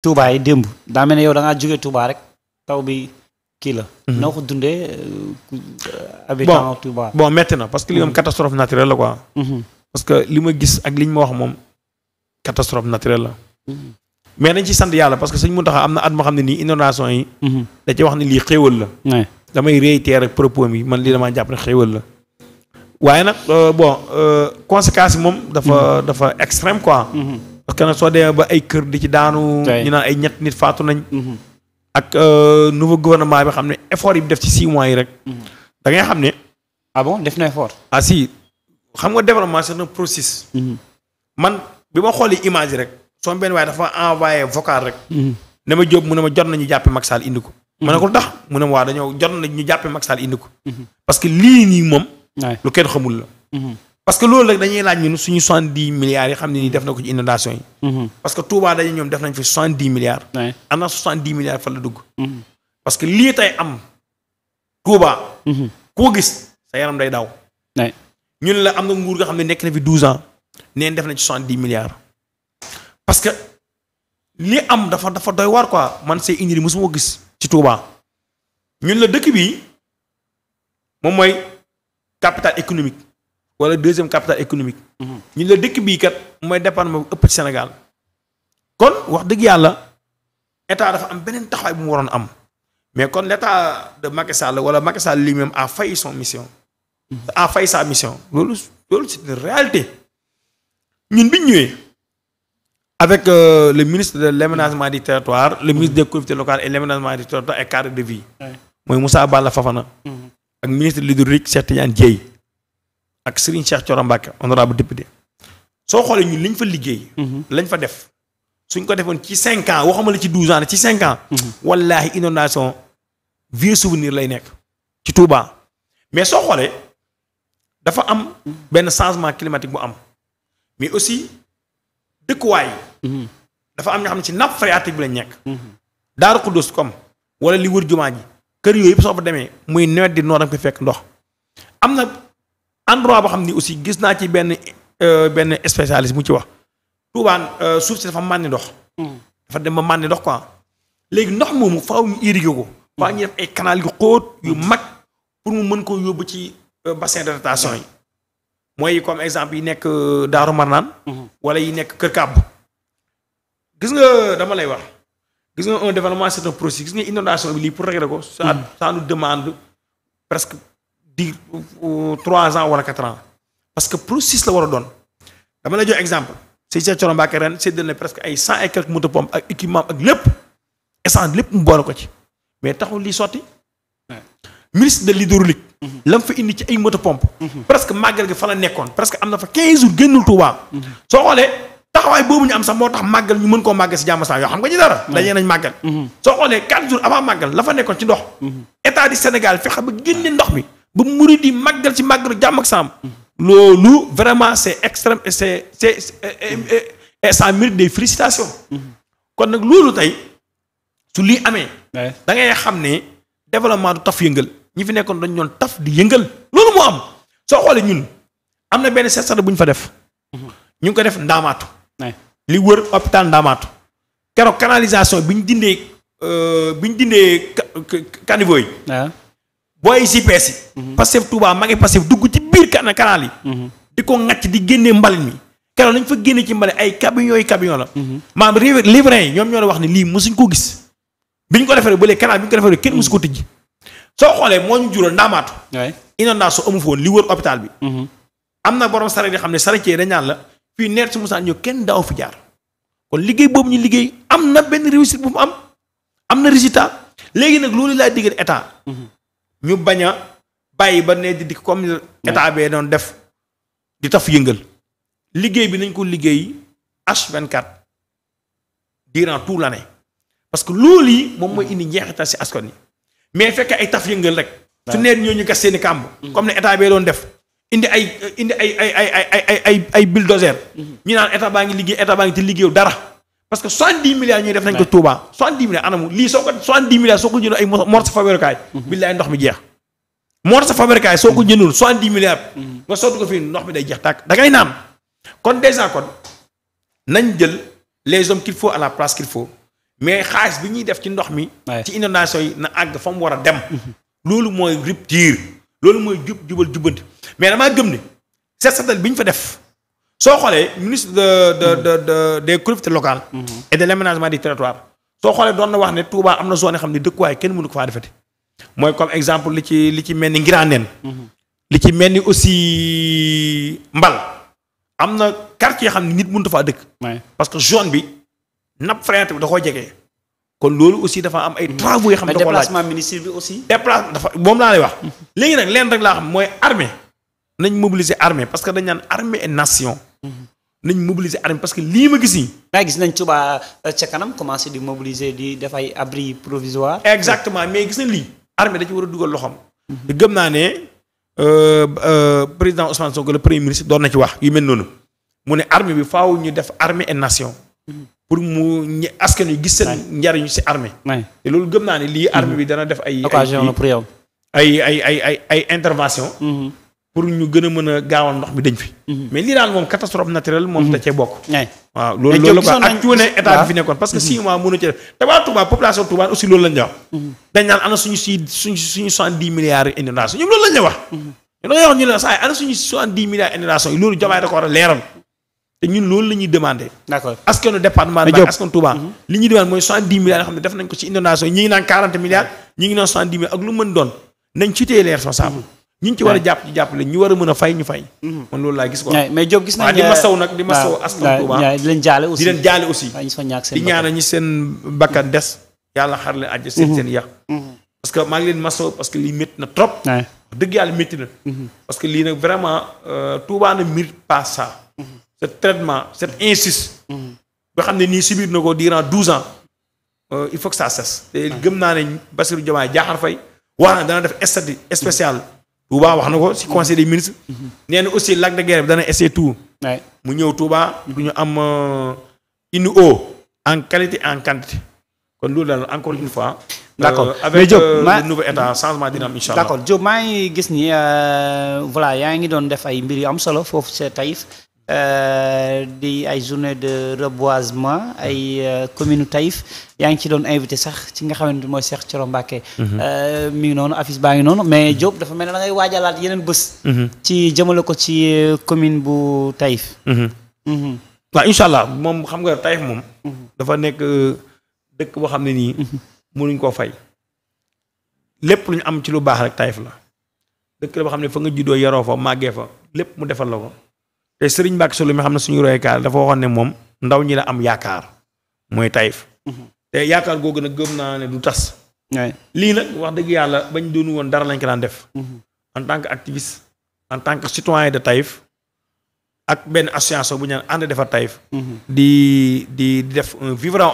Touba yi démb daa mel ne yow da ngaa jóge Touba rek taw bi kii la. Mhm. noo ko dundee euh, habitant Touba. bon bon métti na parce que li moom catastrophe naturelle la quoi. Mhm. parce que li ma gis ak li ma wax moom catastrophe naturelle la. Mhm. mais nañ ci sant yàlla parce que sëñ Mountakha am na at xam ne nii inondation yi. da ci wax ne lii xéewal la. damay réitérer ak propos mi man lii damaa jàpp ne la. waaye nag euh, bon euh, conséquence moom. dafa extrême quoi. parce que nag soo demee ba ay kër di ci daanu. ñu naan ay ñett nit faatu nañ. Mm-hmm. ak euh, nouveau gouvernement bi xam ne effort yi def ci six mois yi rek. Mm-hmm. da ngay xam ne. ah def na effort. ah si xam nga développement c'est un processus. Mm-hmm. man bi ma xoolee image rek. soo benn waaye dafa envoyé vocal rek. ne ma Diop mu ne ma jot ñu jàppee Macky Sall indi ko. ma ne ko tax mu ne ma waa dañoo jot ñu jàppee Macky Sall indi ko. parce que lii nii moom. lu kenn xamul la. parce que loolu rek dañuy laaj ñun suñu soixante dix milliards yi xam ne nii def na ko ci inondation yi. Mhm. parce que Touba dañu ñoom def nañ fi soixante dix milliards. am na soixante dix milliards fan mhm. tey am Touba. Mhm. koo gis sa day daw. ñun la am na nguur nga xam ne nekk na fi douze ans neen def nañ ci soixante dix milliards. parce que li am dafa dafa doy war quoi man see indi mosuma gis ci Touba ñun la dëkk bi moom mooy capital économique. wala deuxième capitale économique. ñu la dëkk bii kat mooy département bu ëpp ci Sénégal. kon wax dëgg yàlla état dafa am beneen taxawaay bu mu waroon am mais kon l' de Macky Sall wala Macky Sall lui-même a failli son mission. a failli sa mission loolu loolu c' réalité ñun bi ñëwee avec euh, le ministre de l' aménagement du territoire le ministre des collectivités locales et l' aménagement du territoire et cadre de vie. mooy Moussa Balla Fafana. Mm-hmm. ak ministre de l'hydraulique ak Serigne Cheikh Thioro Mbacke honorable député soo xoolee ñun liñ fa liggéey. Mhm. lañ fa def suñ ko defoon ci cinq ans waxuma la ci douze ans ci cinq ans. Mhm. wallaahi inondation vieux souvenir lay nekk. ci Touba mais soo xoolee dafa am benn changement climatique bu am mais aussi dëkkuwaay yi. Mhm. dafa am ñoo xam ne ci nappe phréatique bi lañ nekk. Daaru Xuddoos comme wala li wër jumaa ji kër yooyu yëpp soo fa demee muy newet di noor da fekk ndox. endroit boo xam ni aussi gis naa ci benn euh, benn spécialiste mu ci wax Touba euh, suuf si dafa màndi ndox hmm. dafa dem ba màndi ndox quoi léegi ndox moomu faaw ñu irrigué ko hmm. faaw def ay canal yu xóot yu hmm. mag pour mu mën koo yóbbu ci euh, bassin de rétention yi mooy comme exemple yi nekk Daaru Marnaan wala yi nekk Kër Kàbb gis nga dama lay wax gis nga un développement c'est un processus gis nga inondation bi lii pour régler ko ça ça demande presque di trois ans wala quatre ans parce que processus la war a doon dama la jox exemple si sa Coro Mbacke ren séddale na presque ay cent et quelques moto pompe ak équipement ak lépp essence lépp mu boole ko ci mais taxul li sotti ministre de l'hydraulique mhm. lam fa indi ci ay moto pompe mhm. presque màggal gi fa la nekkoon presque am na fa quinze jours génnul Touba mhm. soo xoolee taxawaay boobu ñu am sax moo tax màggal ñu mën koo màggal si jàmm sax xam nga ci ndox ba murid yi màggal ci màggalu jàmm ak saam loolu vraiment c'est extrême et c'est c'est et ça mérite des félicitations kon nag loolu tey su lii amee da ngay xam ne développement du taf yëngal ñi fi nekkoon dañu doon taf di yëngal loolu moo am soo xoolee ñun am na benn seetlu bu ñu fa def ñu ngi ko def ndaamaatu li wër hôpital ndaamaatu keroog canalisation bi ñu dindee euh, bi ñu dindee caniveau yi booy GPS yi. Mhm. Pastef Touba maa ngi Pastef dugg ci biir kan yi. Mhm. di ko ŋàcc di génne mbalit mi. keroog nañ fa génne ci mbalit ay camions yi camions la. maanaam mhm. rive riverains yi ñoom ñoo la wax ne lii mosuñ ko gis. biñ ko defaree ba léegi canal bi ñu ko defaree kenn mosu ko tijji. soo xoolee moo ñu jural ndaamaatu. waay inondation amu fa woon li wër hôpital bi. am na borom sareet yi xam ne sareet yi dañ la fii neer su musaan ñëw kenn daaw fi jaar. kon liggéey boobu ñu liggéey am na benn réussite bu mu ñu bañ a bàyyi ba ne di comme état bee doon def di taf yëngal liggéey bi nañ ko liggéey H24 durant tout l'année parce que loolu yi moom mooy indi njeexital si askan yi mais fekk ay taf yëngal rek su neet ñoo ñu gas seeni kàmb comme ne état bee doon def indi ay indi ay ay ay ay ay ay bulldozer mhm. ñu naan état baa ngi liggéey état baa ngi te liggéeyu dara parce que 70 milliards ñuy def nañ ko Touba 70 milliards anamu lii soo ko 70 milliards soo ko jëndoon ay morceau fabriquage. Mhm. billaay ndox mi jeex. morceau fabriquage soo ko jëndoon 70 milliards. Mhm. ko fii ndox mi day jeex tàkk da ngay naam. kon dèjà kon nañ jël les hommes qu'il faut à la place qu'il mais xaalis bi ñuy def ci ndox mi. ci inondation yi na àgg fa mu war a dem. Mhm. loolu mooy rupture. loolu mooy jub jubal jubbanti mais damaa gëm ne seet seetal bi ñu fa def. soo xoolee ministre de de de de locale collectivités locales. Mhm. et de l' du territoire. soo xoolee doon na wax ne Touba am na zone yoo xam ne dëkkuwaay kenn mënu ko faa defati. mooy comme exemple li ci li ci mel ni Ngiraaneen. Mhm. li ci mel ni aussi Mbal. am na quartier yoo xam ne nit mënut faa dëkk. parce que zone bi nap phréatique bi da koo jege. kon loolu aussi dafa am ay mhm. travaux yoo xam ne da koo laaj déplacement bi aussi. déplacement dafa moom laa lay wax. léegi nag leen rek laa xam mooy armée nañ mobiliser armée parce que dañ naan armée nañ mobiliser armée parce que lii ma gis nii. maa gis nañ Touba euh, ca kanam commencé di mobiliser di def ay abri provisoire. exactement mais gis nañ lii. armée da ci war a dugal loxoom. te mhm. gëm naa ne euh, euh, président Ousmane Sonko le premier ministre doon na ci wax yu mel noonu mu ne armée bi faaw ñu def armée et nation. Mhm. pour mu ñe askan wi gis seen. njariñu si armée. loolu gëm naa ne lii armée mhm. bi dana def ay. occasion la yow ay ay ay ay ay intervention. pour ñu gën a mën a gaawal ndox mi dañ fi. Mhm. mais lii daal moom catastrophe naturelle. moom mhm. da cee bokk. waaw loolu loolu ah. mhm. wax. dañ naan ana suñu suñu suñu soixante dix ñu ne saa yi ana suñu soixante dix loolu Diomaye da ko war a leeral. te ñun loolu la ñuy demandé. ak lu mën doon nañ ci téye les responsables ñi ñu ci war a jàpp jàpp jàppale ñu war a mën a fay ñu fay. Mhm. man loolu laa gis quoi. mais Diop gis nañ di ma saw nag di ma saw askan Tuuba di leen jaale aussi di leen jaale aussi. di ñaanal ñi seen bakkan des. yàlla xar leen àjj seen mhm. seen yàq. Mhm. parce que maa ngi leen ma saw lii métti na trop. dëgg yàlla métti na. parce que lii nag vraiment euh, Touba ne mérite pas ça. ce traitement cet insiste. boo xam ne nii subir na ko durant douze ans. Euh, il faut que ça cesse. te gëm naa ne Bassirou Diomaye fay Faye. waaw dana def statut spécial. Touba wax na ko si conseil des ministres. Mhm. nee na aussi lac de guerre bi dana essayer tout. mu ñëw Touba. du ñu am euh, une eau. en qualité en quantité. kon loolu daal encore une fois. Euh, d' accord mais Diop euh, avec le nouveau changement dina am incha allah. d' accord Diop maa ngi gis ni voilà yaa ngi doon def ay mbir yu am solo foofu sa Taïf Euh, di ay journée de reboisement ay euh, commune Taïf yaa ngi ci doon invité sax ci nga xamante mooy Cheikh Thioro Mbacké mhm. euh, mi ngi noonu affiche baa ngi noonu mais mhm. Diop dafa mel ne da ngay waajalaat yeneen bés mhm. ci jëmale ko ci commune bu Taïf waaw incha allah moom xam nga Taïf moom dafa nekk dëkk boo xam ne nii mënuñ koo fay lépp lu ñu am ci lu baax rek Taïf la dëkk la xam ne fa nga juddoo yaroo fa màggee fa lépp mu defal la ko te Serigne Mbacke Saloum mi xam ne suñu roykaar dafa waxoon ne moom ndaw ñi la am yaakaar mooy Taïf. Mhm. te yaakaar googu nag gëm naa ne du tas. lii nag wax dëgg yàlla bañ doonu woon dara lañ ko daan def. Mhm. en tant que activiste en tant que citoyen de Taïf. ak benn association bu ñu naan ànd defar Taïf. Mhm. di di def un vivre